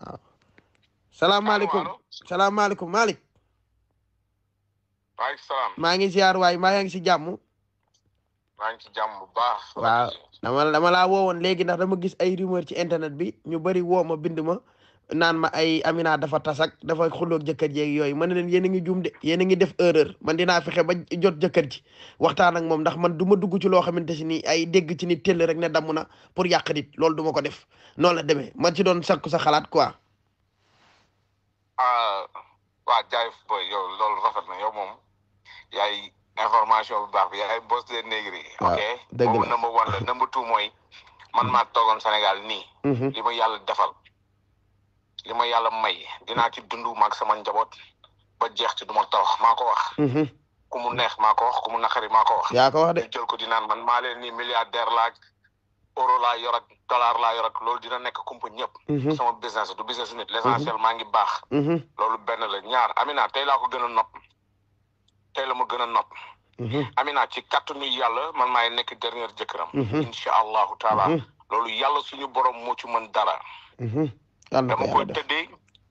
waaw salaamaaleykum salaamaaleykum Malick maaleykum maa ngi ziar waay maa ngi si jàmm maa ngi si jàmm bu baax waaw dama dama laa woowoon léegi ndax dama gis ay rumeur ci internet bi ñu bari woo ma bind ma naan ma ay Amina dafa tasak dafa xulóog jëkkër jeeg yooyu ma ne leen yéen a ngi juum de yéen a ngi def erreur man dinaa fexe ba jot jëkkër ji waxtaan ak moom ndax man du ma dugg ci loo xamante si ni ay dégg ci nit tell rek ne damm na pour yàq nit loolu du ko def noonu la demee man ci doon sakku sa xalaat quoi. Ah, waa jaay boy yow loolu rafet na yow moom yaay information bu baax bi yaay boss de négri. Ah, ok number one la number two mooy man maa toogoon Sénégal nii. Mhm. li ma li ma yàlla may dinaa ci dund maag sama njaboot ba jeex ci du ma tawax maa ko wax. Mhm. ku mu neex maa ko wax ku mu naqari maa ko wax. yaa ko wax de jël ko di naan man maa leen ni milliardaire laa euro la yor ak dollar laa yor ak loolu dina nekk kumpa ñëpp. Mhm. sama business du business nit mhm. l'essentiel maa ngi baax. loolu benn la ñaar Amina tey laa ko gën a nopp tey la ma gën a nopp. Amina ci kàttanu yàlla man maay nekk dernier jëkkëram. incha allahu taala. loolu yàlla suñu borom moo ci mën dara. dama ko tëddee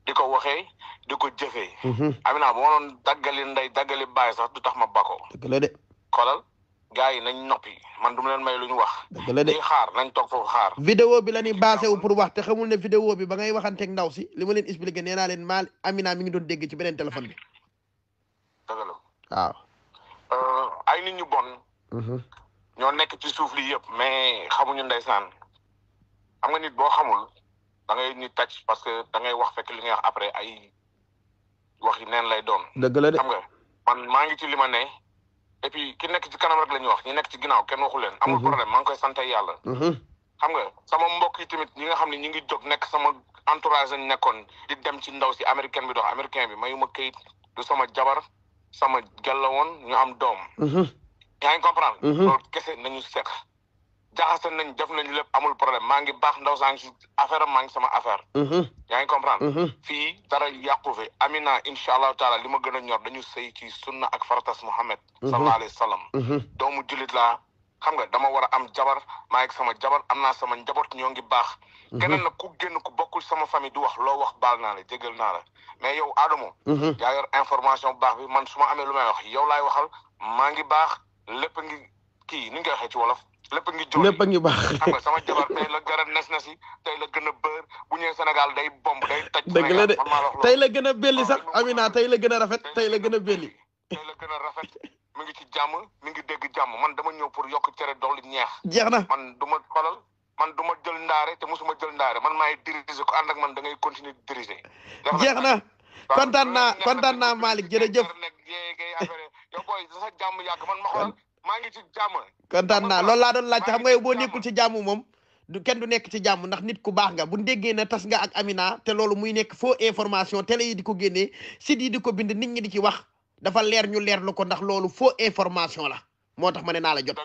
di ko waxee di ko jëfee. Mhm. Amina bu ma doon daggali daggale daggali baay sax du tax ma bako. dëgg la de. xoolal gars yi nañ noppi man du leen may lu ñu wax. dëgg la de ñuy xaar nañ toog foofu xaar. vidéo bi la ñuy basé wu pour wax te xamul ne vidéo bi ba ngay waxanteeg ndaw si li ma leen expliqué nee naa leen maal Amina mi ngi doon dégg ci beneen téléphone bi. dëgg la waaw. Euh, ay nit ñu bon. Mhm. ñoo nekk ci suuf lii yëpp mais xamuñu ndeysaan am nga nit boo xamul. da ngay ñu tàcc parce que da ngay wax fekk li ngay wax après ay wax yi neen lay doon. dëgg la xam nga man maa ngi ci li ma ne. et puis ki nekk ci kanam rek la ñuy wax ñi nekk ci ginnaaw kenn waxu leen. amul mhm. problème maa ngi koy sant yàlla. Mhm. xam nga sama mbokk yi tamit ñi nga xam ne ñu ngi jóg nekk sama entourage lañ nekkoon di dem ci ndaw si américaine bi dox américain bi mayu ma kayit du sama jabar sama gàllawoon ñu am doom. Mhm. yaa ngi comprendre. loolu kese nañu seq. jaxase nañ def nañ lépp amul problème maa ngi baax ndaw saa ngi si affaire am maa ngi sama affaire. Mhm. yaa ngi comprendre. Mhm. fii dara yàqu fi Amina incha allahu taala li ma gën a ñor dañu sëy ci sunna ak faratas Muhammad. Mhm. sallallahu alayhi wa sallam. doomu jullit laa xam nga dama war a am jabar maa sama jabar am naa sama njaboot ñoo ngi baax. keneen nag ku génn ku bokkul sama famille di wax loo wax baal naa la jégal naa la mais yow Adamo. yaa yor information bu baax bi man su ma amee lu may wax yow laay waxal maa ngi baax lépp ngi kii ni nga waxee ci wolof. lépp ngi jooy lépp ngi baax xam nga sama la gën a na si tey la gën a bër bu ñëwee Sénégal day bomb day taj dëgg la de tey la gën a belli sax Amina tey la gën a rafet tey la gën a belli la gën a rafet mi ngi ci jàmm mi ngi dégg jàmm man dama ñëw pour yokk cere dolli ñeex jeex na man du ma xolal man du ma jël ndaare te mosuma jël ndaare man maay diriger ko ànd ak man da ngay continuer di diriger jeex na kontaan naa kontaan naa Malick jërëjëf yow booy sa jàmm yàgg man ma xoolal maa ngi ci jàmm. kontaan naa loolu laa doon laajte xam nga boo nekkul ci jàmm moom. du kenn du nekk ci jàmm ndax nit ku baax nga bu déggee na tas nga ak Amina te loolu muy nekk faux information télé yi di ko génnee site di di ko bind nit ñi di ci wax dafa leer ñu leer leerlu ko ndax loolu foo information la moo tax ma ne naa la jot.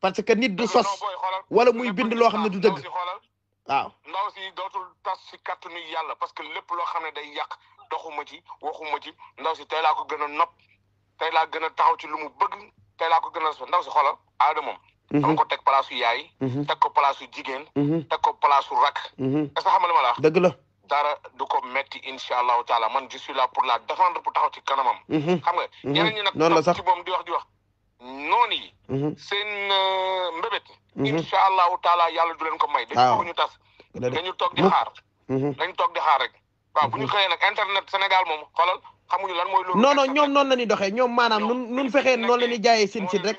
parce que nit du sos wala muy bind loo xam ne du dëgg. waaw ndaw si dootul tas si kàttanu yàlla parce que lépp loo xam ne day yàq doxuma ci waxuma ci ndaw si tey laa ko gën nopp tey laa gën a taxaw ci lu mu bëgg. te laa ko gën a ndaw si xoolal aada moom. ko teg palaasu yaay. Mhm. teg ko palaasu jigéen. Mhm. teg ko palaasu rakk. Mhm. est-ce que xam nga li la wax. dëgg la dara du ko metti incha allahu taala man je la là pour la défendre pour taxaw ci kanamam. xam nga ñeneen ñi nag. noonu la sax ci moom di wax di wax. noonu yi. seen euh, mbébét. incha allahu taala yàlla du leen ko may. waaw dañu tas dañu toog di xaar. dañu toog rek. waaw bu ñu xëyee nag internet Sénégal moom xoolal. xamuñu lan mooy loolu ñoom noonu la ñuy doxee ñoom maanaam nun nun fexee noonu la ñuy jaayee seen site rek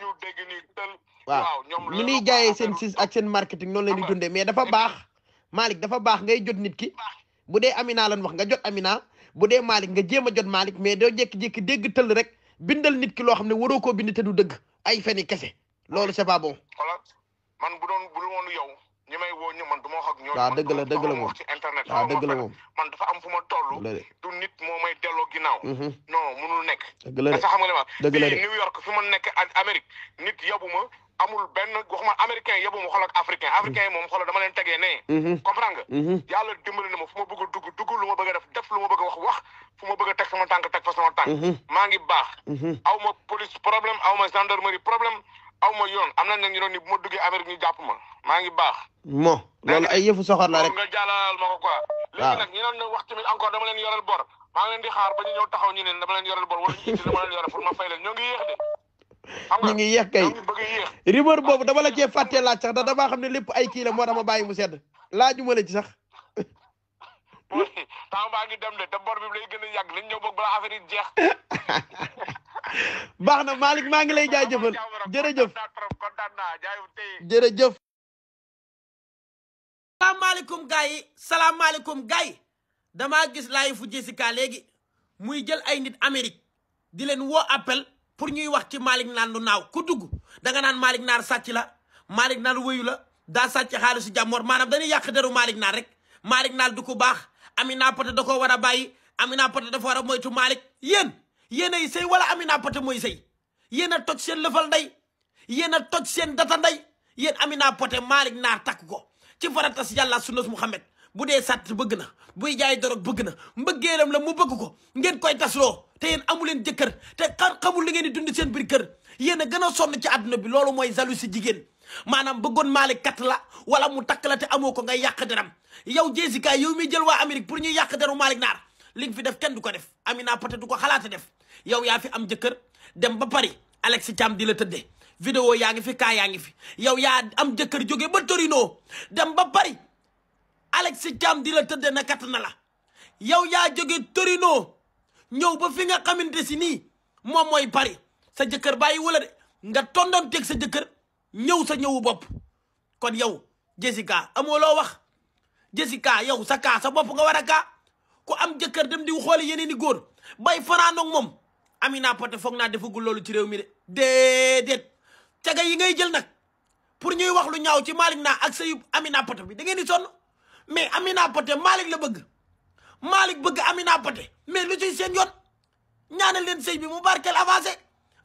waaw ñu ñuy jaayee seen site ak seen marketing noonu la ñuy dundee mais dafa baax maalik dafa baax ngay jot nit ki bu dee Amina lan wax nga jot Amina bu dee Malick nga jéem a jot Malick mais doo jékki-jékki dégg tëll rek bindal nit ki loo xam ne waroo koo bind te dëgg ay feni kese loolu c'est pas bon. man bu doon bu doon ñi may woo ñu man du ma wax ak ñooñu. waaw dëgg la dëgg la moom wax internet. waaw dëgg la man dafa am fu ma toll. du nit moo may delloo ginnaaw. Mhm. no munul nekk. dëgg la de xam nga li ma. dëgg la de New York fi ma nekk Amérique nit yabu amul benn waxuma américain yabu ma xool ak africain mhm. africain yi moom xoolal dama leen tegee ne. Mhm. comprendre nga. yàlla dimbali na ma fu ma bëgg a dugg dugg lu ma bëgg a def def lu ma bëgg a wax wax fu ma bëgg teg sama tànk teg fa sama tànk. maa ngi baax. aw ma police problème aw ma gendarmerie problème. aw ma yoon am na ñu doon ni bu ma duggee Amérique ñu jàpp ma maa ngi baax. mo loolu ay yëfu soxor la rek nga ko quoi. waaw ah. léegi nag wax tamit encore dama leen yoreel bor maa ngi leen di xaar ba taxaw ñu ne dama leen yoreel bor wala ñu dama leen yoreel pour ma fay leen ñoo ngi yéex kay rumeur boobu dama la cee fàttee laaj sax da damaa xam ne lépp ay kii la moo tax ma bàyyi mu sedd laajuma la ci sax. temps baa ngi dem de te bor bi lay gën a yàgg nañ ñëw boog balaa affaire yi jeex baax na Malick maa ngi lay jaajëfal jërëjëf jërëjëf. salaamaaleykum gars yi salaamaaleykum gars damaa gis laay fu Jessica léegi muy jël ay nit Amérique di leen woo appel pour ñuy wax ci Malick naan lu naaw ku dugg danga naan Malick naar sàcc la Malick naar wéyu la daa sàcc xaalisu jàmmoor maanaam dañuy yàq deru Malick naar rek Malick naar du ko baax Amina Poté da koo a bàyyi Amina Poté dafa war a moytu Malick yéen. yéenay sëy wala Amina Poté mooy sey yéen a toj seen lëfal ndey yéen a toj seen data ndey yéen Amina Poté Malick Naar takk ko ci faratas yàlla sunnas Muhammad bu dee sàtt bëgg na buy jaay dorog bëgg na mbëggeelam la mu bëgg ko ngeen koy tasloo te yéen amu leen jëkkër te xar xamul li ngeen di dund seen biir kër yéen gën a sonn ci àdduna bi loolu mooy jalousie si jigéen maanaam bëggoon Malick kat la wala mu takk la te amoo ko ngay yàq deram yow Jessica yow mi jël waa Amérique pour ñuy yàq deru Malick Naar li nga fi def kenn du ko def Amina Poté du ko xalaata def yow yaa fi am jëkkër dem ba pari Alex Thiam di la tëddee vidéo yaa ngi fi kaa yaa ngi fi yow yaa am jëkkër joge ba Torino dem ba pari Alex Thiam di la tëddee na kat na la yow yaa jóge Torino ñëw ba fi nga xamante si ni moom mooy Paris sa jëkkër bàyyi wala de nga tondoon teg sa jëkkër ñëw sa ñëwu bopp kon yow Jessica amoo loo wax Jessica yow sa kaa sa bopp nga war a kaa ku am jëkkër dem di xoole yeneen i góor bay fanaanoog moom Amina Poté foog naa defagul loolu ci réew mi de déedéet caga yi ngay jël nag pour ñuy wax lu ñaaw ci Malick naa ak sëyu Amina pote bi da ngeen di sonn mais Amina Poté Malick la bëgg Malick bëgg Amina Poté mais lu ci seen yoon ñaanal leen sëy bi mu barkeel avancé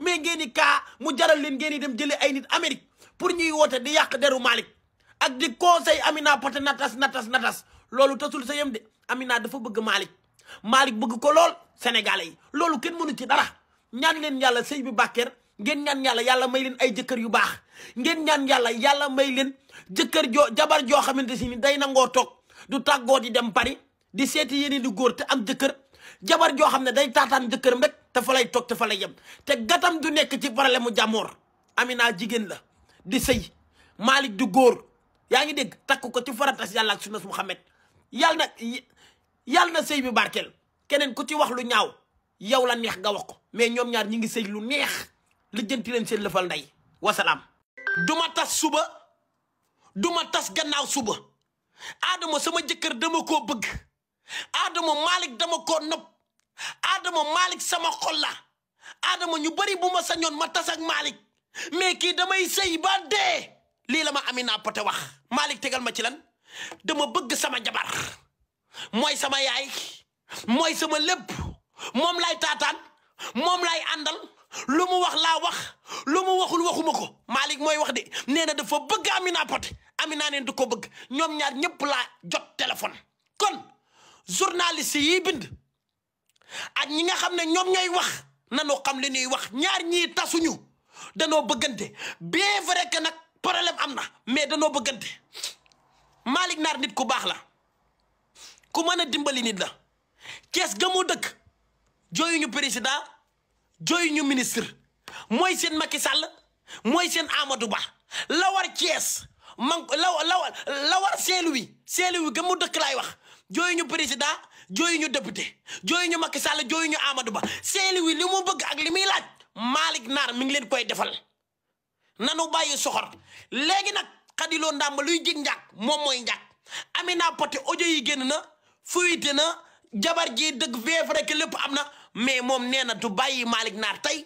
mais ngeeni di kaa mu jaral leen ngeen di dem jëlee ay nit Amérique pour ñuy woote di yàq deru malik ak di conseil Amina Poté natas natas natas loolu tasul sa yem de Amina dafa bëgg Malick Malick bëgg ko lool sénégalais loolu kenn mënu ci dara ñaan leen yàlla sey bi bàkkeer ngeen ñaan yàlla yàlla may leen ay jëkkër yu baax ngeen ñaan yàlla yàlla may leen jëkkër joo jabar joo xamante si ni day nangoo toog du tàggoo di dem Paris di seeti yeneen góor te am jëkkër jabar joo xam ne day taataan jëkkër rek te fa toog te fa yem te gatam du nekk ci problème mu jàmmoor Amina jigéen la di sey Malick du góor yaa ngi dégg takk ko ci faratas yàlla ak sunnas Muhammad yàlla yàlla na sëy bi barkeel keneen ku ci wax lu ñaaw yow la neex nga wax ko mais ñoom ñaar ñi ngi sëy lu neex lijjanti leen seen lëfal ndey wasalaam duma tas suba duma tas gannaaw suba aadama sama jëkkër dama koo bëgg aadama Malick dama koo nopp aadama Malick sama xol la aadama ñu bari bu ma sañoon ma tas ak Malick mais kii damay sëy ba dee lii la ma Amina pote wax Malick tegal ma ci lan dama bëgg sama jabar mooy sama yaay mooy sama lépp moom lay taataan moom lay àndal lu mu wax laa wax lu mu waxul waxuma ko Malick mooy wax de nee na dafa bëgg Amina Poté Amina neen du ko bëgg ñoom ñaar ñëpp laa jot téléphone. kon journaliste yi bind ak ñi nga xam ne ñoom ñooy wax nanoo xam li ñuy wax ñaar ñii tasuñu danoo bëggante bien vrai que nag problème am na mais danoo bëggante Malick Naar nit ku baax la. ku mën a dimbali nit la Cees ga mu dëkk jooyuñu président ñu ministre mooy seen makki sàll mooy seen Amadou Ba la war Cees man la la la war Saint-Louis Saint-Louis ga mu dëkk laay wax jooyuñu président jooyuñu député jooyuñu Macky Sall jooyuñu Amadou Ba Saint-Louis li mu bëgg ak li muy laaj Malick Naar mi ngi leen koy defal nanu bàyyi soxor léegi nag xadiloo ndàmba luy jig njàkk moom mooy njàkk Amina Poté audio yi génn na fuyite na jabar ji dëgg feef rekk lépp am na mais moom nee na du bàyyi Malick Naar tey